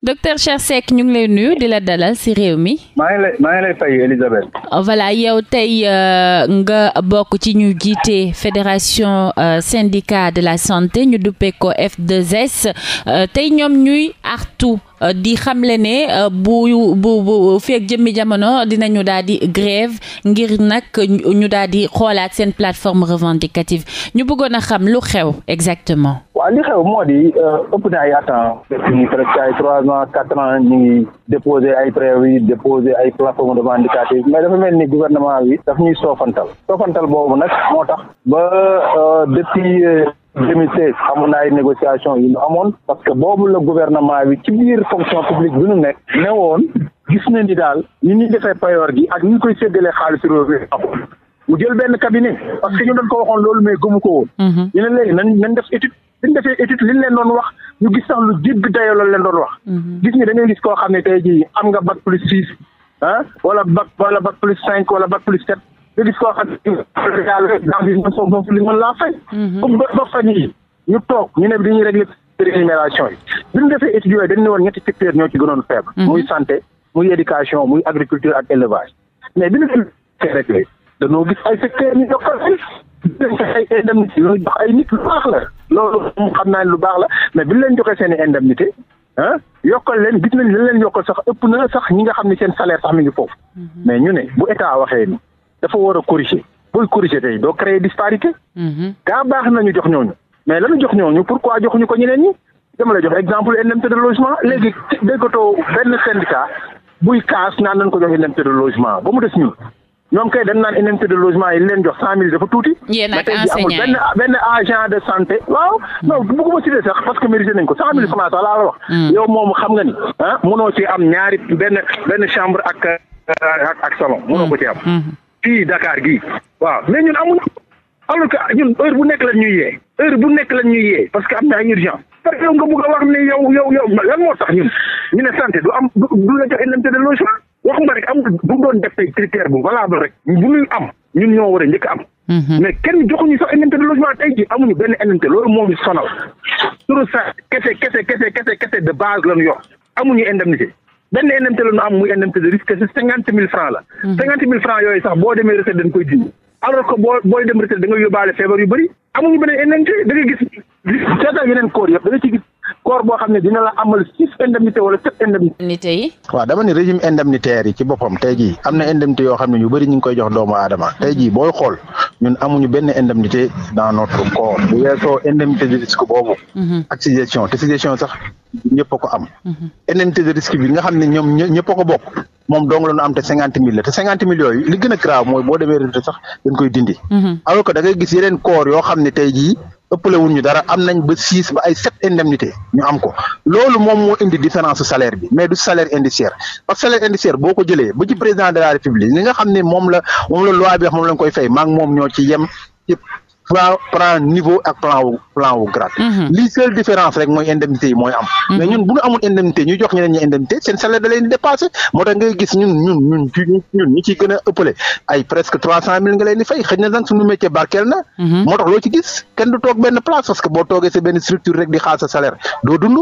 docteur Cheikh Seck ñu ngi lay nuyu di la dalal si réew mi. Oh, voilà yow tey euh, nga bokk ci ñu jiite fédération euh, syndicat de la santé ñu duppee ko F2S euh, tey ñoom ñuy artu di xamle ne bu bu jëmmi jamono dinañu daal di grève ngir nag ñu daal di xoolaat seen plateforme revendicative ñu bëggoon a xam lu xew exactement. waaw li xew moo di euh, ëpp na ay attends ñu presque ay trois ans quatre ans ñu ngi déposé ay préavis déposé ay plateforme de handicapés mais dafa mel ni gouvernement bi daf ñuy soofantal soofantal boobu nag moo tax ba euh, depuis 2016 euh, amoon na ay négociation yu ñu amoon parce que boobu la gouvernement bi ci biir fonction publique bi ñu nekk ne woon gis na ni daal ni ñuy defee payoor gi ak ni koy séddalee xaalisu réew mi mu jël benn cabinet parce que ñu doon ko waxoon loolu mais gëmu ko bi ñu defee étude li ñu leen doon wax ñu gis sax lu jéggi dayoo loolu leen doon wax. Mhm. gis ñi da ngay gis koo xam ne tey jii am nga bac plus six ah wala bac wala bac plus cinq wala bac plus sept nga gis koo xam ne li mën laa fay. Mhm. comme ba ba fan yii ñu toog ñu ne dañuy régler rémunération yi bi ñu defee étude yooyu dañu ne woon ñetti secteurs ñoo ci gënoon faible. Mhm. muy santé muy éducation muy agriculture ak élevage mais bi ñu defee rek dañoo gis ay secteurs ñu yokkal leen joxe jox ay nit lu baax la loolu moom xam naa ne lu baax la mais bi ñu leen joxee seen i indemnité ah yokkal leen gis nañ li leen yokkal sax ëpp na sax ñi nga xam ne seen salaire sax mi ngi foofu mm-hmm. mais ñu ne bu état waxee ni dafa war a corriger booy corriger tey doo créer disparité mm-hmm. gaa baax nañu jox ñooñu mais lañu jox ñooñu pourquoi joxuñu ko ñeneen ñi dama la jox exemple indemnité de logement léegi déggatoo benn syndicat buy kaas naan nañ ko jox indemnité de logement ba mu des ñun ñoom kay dañ naan indemnité de logement yi leen jox cent mille dafa tuuti. yéen ak benn benn agent de santé. waaw hmm. non bëgguma citer sax parce que mérité nañ ko cent mille francs sax laa la wax. Hmm. yow moom xam nga ni. ah mënoo ci am ñaari benn benn chambre ak ak ak salon. mënoo ko ci am. Hmm. fii Dakar gi waaw mais ñun amuñu. alors que ñun heure bu nekk lañ ñuy yee. heure bu nekk lañ ñuy yee parce que am na ay urgence. parce yow nga bëgg wax ne yow yow yow lan moo tax ñun ñu ne sant du am du de logement. waxuma rek am bu doon def tey critère bu valable rek bu ñuy am ñun ñoo war a njëkk am. Mhm. mais kenn joxuñu sax indemnité de logement tey jii amuñu benn indemnité loolu moo ñu sonal. sur sa kese kese kese kese kese de base la ñu yor amuñu indemnité benn indemnité la ñu am muy indemnité de risque c'est cinquante mille francs la. Mhm. cinquante mille francs yooyu sax boo demee recette dañ koy dindi. alors que boo booy dem retraite da nga feebar yu bëri amuñu beneen indemnité da gis seetal boo xam ne dina la amal six indemnité wala sept indemnité yi dama ne régime indemnitaire yi ci boppam tey jii am na indemnité yoo xam ne ñu bëri ñu ngi koy jox doomu aadama tey jii booy xool ñun amuñu benn indemnité dans notre corps bu weesoo indemnité de risque boobu mhm. ak suggestion te suggestion sax ñëpp ko am mhm. indemnité de risque bi nga xam ne ñoom ñëpp a ko bokk moom dong la ñu am te cinquante mille la te cinquante mille yooyu li gën a grave mooy boo demee retraite sax dañ koy dindi. Mhm. alors que da ngay gis yeneen corps yoo xam ne tey jii ëppale wuñ ñu dara am nañ ba six ba ay sept indemnité ñu am ko loolu moom moo indi différence salaire bi mais du salaire indiciaire parce que salaire indiciaire boo ko jëlee ba ci président de la république li nga xam ne moom la moom bi wax moom koy fay maa ngi moom ñoo ci yem plan plan niveau ak plan wu plan wu grade. Mhm. li seule différence rek mooy indemnité yi mooy am. Mhm. mais ñun bu ñu amul indemnité ñu jox ñeneen ñi indemnité seen salaire da leen di dépassé moo tax ngay gis ñun ñun ñun ñun ñu ciy gën a ëppale ay presque trois cent mille nga leen di fay xëy na nag suñu métier barkeel na. Mhm. moo tax loo ci gis kenn du toog benn place parce que boo toogee sa benn structure rek di xaar sa salaire doo dund.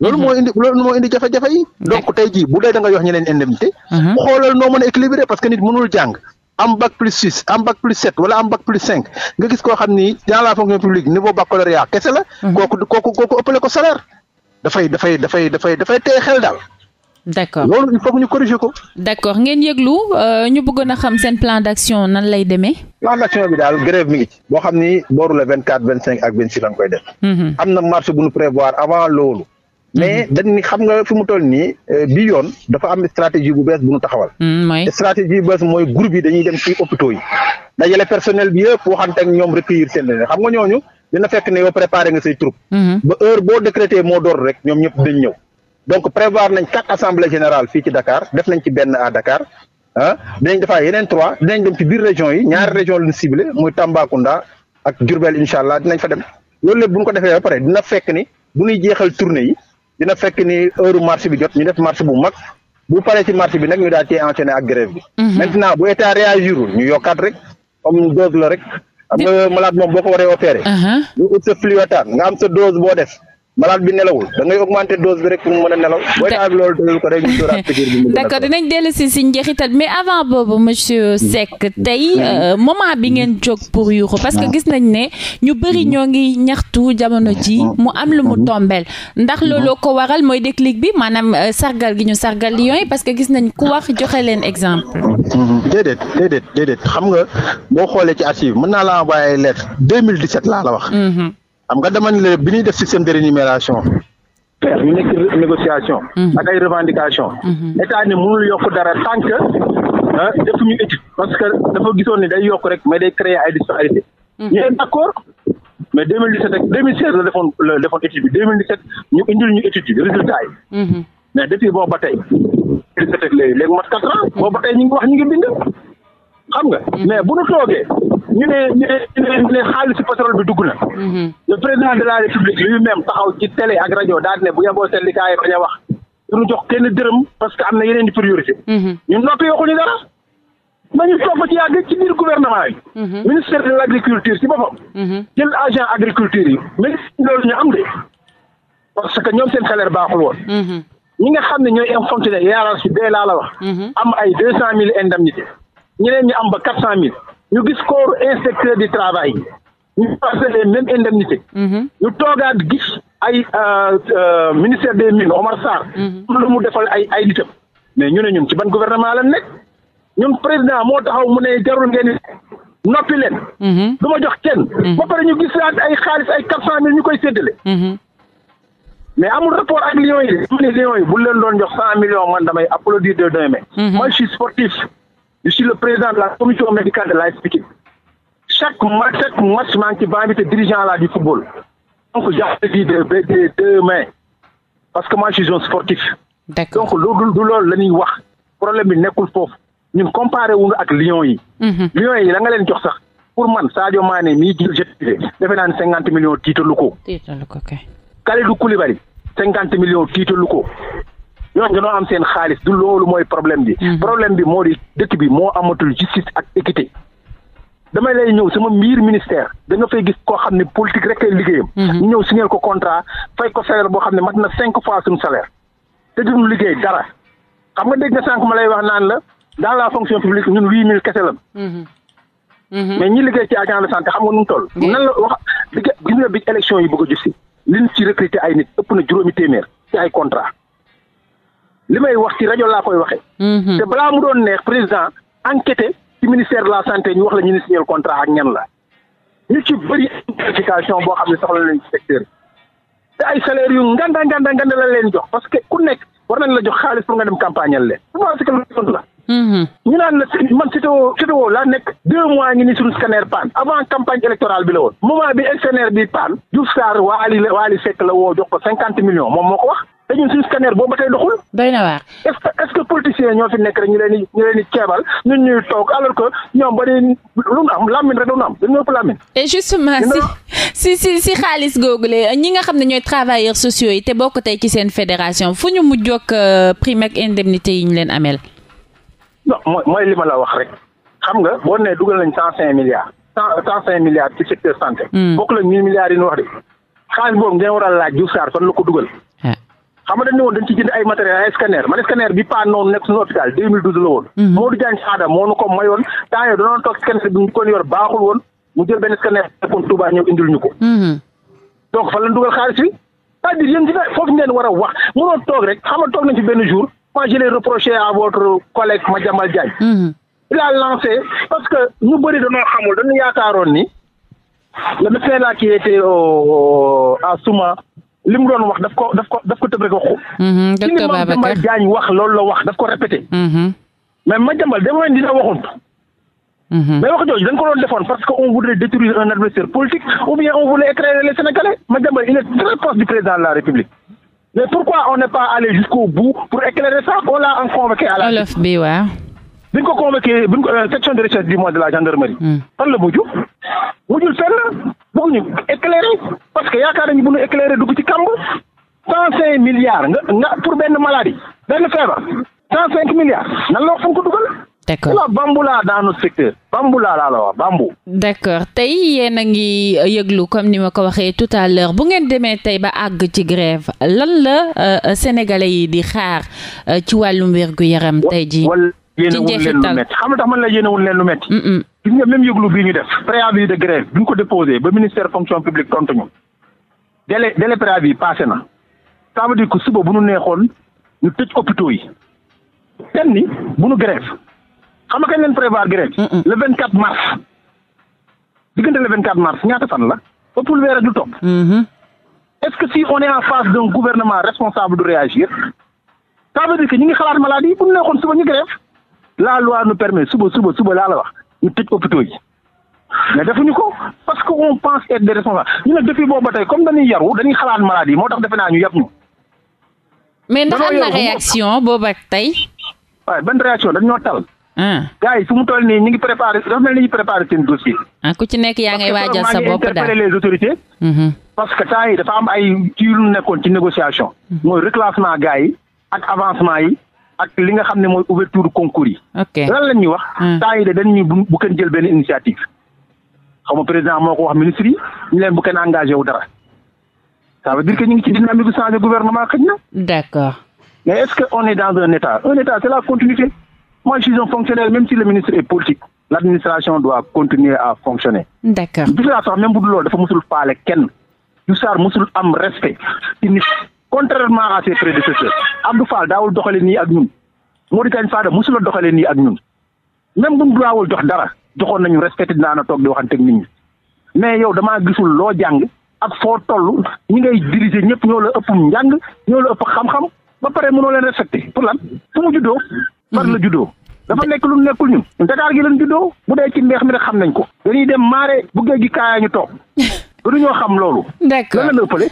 loolu moo indi loolu moo indi jafe-jafe yi. donc tey jii bu dee da nga yox ñeneen indemnité. xoolal noo mën a équilibré parce que nit mënul jàng. am bac plus six am bac plus sept wala am bac plus cinq nga gis koo xam ni dans la fonction publique niveau baccalauréat kese la. Mhm. kooku kooku kooku ëppale ko salaire. dafay dafay dafay tey xel daal. d'accord loolu il ñu corriger ko. d'accord ngeen yëglu euh, ñu bëggoon a xam seen plan d'action nan lay demee. plan d'action bi daal grève mi ngi ci. boo xam ni booru la vingt quatre vingt cinq ak vingt six koy def. Mhm. am na marche bu ñu prévoir avant loolu. mais mhm. dañ ni xam nga fi mu toll nii euh, bii yoon dafa am stratégie bu bees bu ñu taxawal. Mm, stratégie bu bees mooy groupe yi dañuy dem ci hôpitaux yi. dajale personnel bi yëpp waxante ak ñoom recueillir seen leneen xam nga ñooñu dina fekk ne yow préparé nga say troupe. Mhm. ba heure boo décrété moo door rek ñoom ñëpp dañ ñëw. donc prévoir nañ quatre assemblée général fii ci Dakar def nañ ci benn à Dakar ah dinañ defaa yeneen trois dinañ dem ci biir région yi ñaari mhm. région lañ ciblé Tambacounda ak Diourbel incha allah dinañ fa dem loolu lépp bu ñu ko defee ba dina fekk ni bu ñuy jeexal tournée yi. dina fekk ni heure marché bi jot ñu def marché bu mag bu paree ci marché bi nag ñu daal cee enchaîner ak grève bi. Mhm. maintenant bu état réagirul ñu yokkaat rek comme dose la rek. xam nga malade moom boo ko waree opérer. ñu uh-huh. ut sa fluotan nga am sa dose boo def. malade bi nelawul da ngay augmenter dose bi rek pour mu mën a nelaw. boo bi ko rek ñu dóoraat dellu si si njeexital mais avant boobu monsieur hmm. Seck tey hmm. euh, moment bi ngeen jóg pour yuuxu parce que ah. gis nañ ne ñu bëri hmm. ñoo ngi ñaxtu jamono ji ah. mu am lu mu ah. tombel ndax looloo ko waral mooy déclique bi maanaam euh, sargal gi ñu sargal lion yi parce que gis nañ ku wax joxe leen exemple. déedéet déedéet xam nga boo xoolee ci archive mën naa la envoyer lettre 2017 laa la wax. xam nga dama ne bi bi ñuy def système de rémunération faire ñu nekk négociation mhm. ak ay revendication mhm. état ne mënul yokk dara tant que ah defuñu étude parce que dafa gisoon ne day yokk rek mais day créer ay disparité mhm. ñu ne d'accord mais 2017 ak 2016 la defoon la defoon étude bi 2017 ñu indil ñu étude bi résultat yi mais depuis boobu ba tey léegi mat quatre ans boobu ba tey ñu ngi wax ñu ngi bind xam nga mais bu ñu toogee ñu ne ñu ne ñu ne xaalisu pétrole bi dugg na. Mhm. le président de la république lui-même taxaw ci télé ak rajo daal ne bu yeboo syndicat yi bañ a wax. duñu jox kenn dërëm parce que am na yeneen di priorité. Mhm. ñu noppi yi dara. nañu topp ci yàgg ci biir gouvernement yi. Mhm. ministère de l' agriculture ci boppam. jël agent agriculture yi. mais loolu ñu am de. parce que ñoom seen salaire baaxul woon. ñi nga xam ne ñooy am fonctionnaire hiérarchie bee laa la wax. am ay deux mille indemnités. ñeneen ñi am ba quatre cent mille. ñu gis corps inspecteur du travail ñu passé les mêmes indemnités. Mhm. ñu toogaat gis ay euh, euh, ministère de mines Omar Sarr. Mhm. lu mu defal ay ay nitam. mais ñu ne ñun ci ban gouvernement la nekk ñun président moo taxaw mu ne jarul ngeen noppi leen. Mhm. du ma jox kenn. ba pare ñu gis gisaat ay xaalis ay quatre cent mille ñu koy séddale. mais amul rapport ak lions yi. lions yi bu leen doon jox cent millions man damay applaudir de doy mais. moi sportif. je le président la commission médicale de l'AS Pikine chaque match chaque match maa ngi ci banc bi te dirigeant laa du football donc jàppale de ba deux mai parce que moi je suis un sportif. donc loolu du loolu la ñuy wax problème bi nekkul foofu ñun comparé wu ak lion yi. Mhm. Lions yi la nga leen jox sax pour man Sadio Mané mii jël jël defe naa ne cinquante millions ko. tiitalu ko kay. Kalidou Koulibaly cinquante millions tiitalu ko. ñooñu dañoo am seen xaalis du loolu mooy problème bi. Mm-hmm. problème bi moo di dëkk bi moo amatul justice ak équité. damay lay ñëw sama mbiir ministère da nga fay gis koo xam ne politique rek lay liggéeyam. Mm-hmm. ñu ñëw signéel ko contrat fay ko salaire boo xam ne mat na cinq fois suñu salaire. te duñu liggéey dara xam nga dégg nga sànq ma lay wax naan la dans la fonction publique ñun huit mille kese la. Mm-hmm. mais ñi liggéey ci agent de santé xam nga nu mu toll. nan la wax liggéey gis bi élection yi bëgg a jub si liñ ci recruter ëpp na juróomi téeméer ci ay li may wax ci rajo laa koy waxee. Mhm. te balaa mu doon neex président enquêté ci ministère de la santé ñu wax la ñu ni signé contrat ak ñan la ñu ci bëri qualification boo xam ne soxla nañ ci secteur te ay salaire yu nganda nganda nganda la leen jox parce que ku nekk war nañ la jox xaalis pour nga dem campagne al leen naan que loolu la. Mhm. ñu naan la man CTO CTO laa nekk deux mois ngi ni suñu scanner panne avant campagne électorale bi la woon moment bi scanner bi panne Diouf woo jox ko cinquante millions moom moo ko wax. te ñun suñu scanner boobu ba tey doxul. doy na waar est que est ce ñoo fi nekk rek ñu leen di ñu leen di ceebal ñun ñuy toog alors que ñoom ba di lu ñu am lamine rek doon am dañu ëpp lamine. et justement si si si si xaalis googule ñi nga xam ne ñooy travailleurs sociaux yi te bokk tey ci seen fédération fu ñu mujj ak euh, prime ak indemnité yi ñu leen ameel. non mooy mooy li ma la wax rek xam nga boo nee dugal nañ cent cinq milliards. cent cent cinq milliards ci secteur santé. Hmm. bokk la milliards yi ñu wax de xaalis boobu ngeen war laaj Diouf Sarr fan la ko dugal. xam nga dañ ne woon dañ ci jënd ay matériel ay scanner man scanner bi paan noonu nekk suñu hôpital 2012 la woon. Mhm. Modou Diagne Sada moo nu ko mayoon temps yooyu danoon toog scanner bi ñu ko yor baaxul woon mu jël benn scanner nekkoon Touba ñëw indil ñu ko. Mhm. donc fan dugal xaalis bi cest dire foofu ngeen war a wax mënoo toog rek xam nga toog nañ ci benn jour moi je l'ai reproché à votre collègue Madiambal Diagne. Mhm. il a lancé parce que ñu bëri dañoo ni le médecin là qui était li mu doon wax daf ko daf ko daf ko tëb rek wax ko. Mhm, docteur Babacar Madiambal Diagne wax loolu la wax daf ko répété. Mhm. mais Madiambal da ngeen dina waxoon. Mhm. mais wax jooju dañ ko doon defoon parce que on voudrait détruire un adversaire politique ou bien on voulait éclairer les Sénégalais Madiambal il est très proche du président la République. mais pourquoi on n'est pas allé jusqu'au bout pour éclairer ça on l'a en convoqué à la. olof bi waaw. bi ko convoqué bi ko euh, section de recherche du mois de la gendarmerie. Mm. bëgguñu éclairer parce que yaakaar nañu bu ñu éclairer dugg ci kàmb milliards nga pour benn maladie benn feebar milliards nan la wax fu ñu ko dugal d'accord bambu laa dans secteur bambu laa laa la wax bambu d'accord tey yéen a ngi yëglu comme ni ma ko waxee tout à bu ngeen demee tey ba àgg ci grève lan la euh, sénégalais yi di xaar euh, ci wàllum wér gu yaram tey ji ci njeexital xam nga tax man la gis nga même yëglu bii ñu def préavis de grève bi ñu ko déposé ba ministère fonction publique tontu ñu délai délai préavis passé na ça veut dire que suba bu ñu neexoon ñu tëj hôpitaux yi ten ni bu ñu grève xam nga kañ leen prévoir grève le vingt quatre mars diggante le vingt quatre mars ñaata fan la ëppul weer du topp mm-hmm. est-ce que si on est en face d'un gouvernement responsable de réagir ça veut dire que ñu ngi xalaat maladie bu ñu neexoon suba ñu grève la loi suba suba suba laa wax ñu tëj hôpitaux yi mais ñu ko parce que on pense être des responsables ñu ne depuis boobu ba comme dañuy yaru dañuy xalaat maladie moo tax defe naa ñu yab ñu. mais ndax am na réaction boobu ak tey. waaw benn réaction dañoo tal. Ah. gars yi fu mu toll nii ñu ngi préparé dafa mel ni ñu préparé seen dossier. ah ku ci nekk yaa ngay waajal sa bopp daal parce que les autorités. Mm-hmm. parce que temps yi dafa am ay ci lu nekkoon ci négociation. Mm-hmm. mooy reclassement gars yi ak avancement yi. ak li nga xam ne mooy ouverture concours yi. ok lan la ñuy wax. Ah. temps yi de dañ ñu bu kenn jël benn initiative. xaw ma président moo ko wax ministre yi ñu leen bu kenn engagé wu dara. ça veut dire que ñu ngi ci dynamique bu changé gouvernement xëy na. d'accord. mais est-ce que on est la continuité. moi je suis un fonctionnaire même si le ministre est politique. l'administration doit continuer à fonctionner. d'accord. gis naa sax même bu dul loolu kenn. Diouf Sarr mosul am respect ci contrairement à ses prédécesseurs Abdou Fall daawul doxale nii ak ñun Mauritanie Fada mosula doxale nii ak ñun même buñ daawul jox dara joxoon nañu respecté dinaa na toog di waxante ak nit ñi mais yow damaa gisul loo jàng ak foo toll ñu ngay diriger ñëpp ñoo la ëpp njàng ñoo la ëpp xam-xam ba pare mënoo leen respecté pour lan fu mu juddoo far la mhm. juddoo dafa nekk lu nekkul ñun Dakar gi lañ juddoo bu dee ci mbeex mi rek xam nañ ko dañuy dem maare bu géej gi kaayaa ñu toog gënuñoo xam loolu d'accord lan la ëppale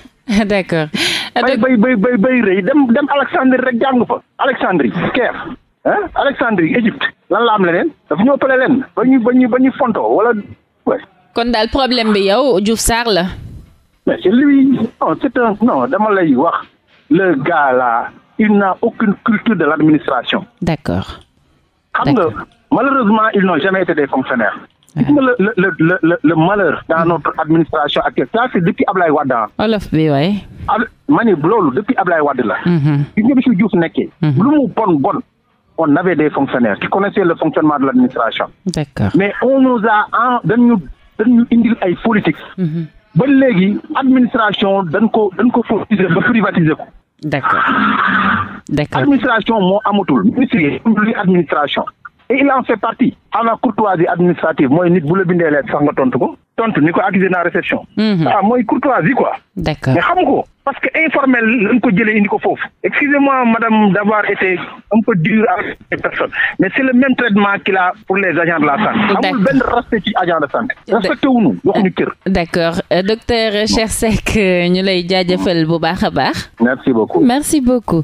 bay bay bay bay bay rëy dem dem Alexandrie rek jàng fa Alexandrie Caire ah Alexandrie Égypte lan la am leneen dafa ñoo pale leen ba ñu ba ñu ba ñu fontoo wala kon daal problème bi yow Diouf Sarr la mais c'est lui non c'est non dama lay wax le gars là il n'a aucune culture de l'administration d'accord xam nga malheureusement ils n'ont jamais été des fonctionnaires gis nga le le le dans notre administration actuelle ça c'est depuis Ablaye Wade olof bi waay. ab ma ne loolu depuis Ablaye Wade la. Mm-hmm. gis nga bi si Diouf mm-hmm. lu mu bon bon. on avait des fonctionnaires qui connaissaient le fonctionnement de l'administration. D'accord. mais on nous a en dañu dañu indil ay politique. Mm-hmm. ba léegi administration dañ ko dañ ko politiser ko. d'accord d'accord administration moo amatul ministre yi administration. et il en fait partie courtoisie administrative mooy nit bu la bindee lettre sax nga tontu ko tontu ni ko accusé naa réception mhm. ah mooy courtoisie quoi d'accord mais xam ko parce que informel lañ ko jëlee indi ko foofu excusez-moi madame été un peu dur avec les personnes mais c'est le même traitement qu'il a pour les agents de la santé amul benn respect ci agent de d'accord euh, docteur Cheikh euh, ñu lay jaajëfal bu baax a baax merci beaucoup merci beaucoup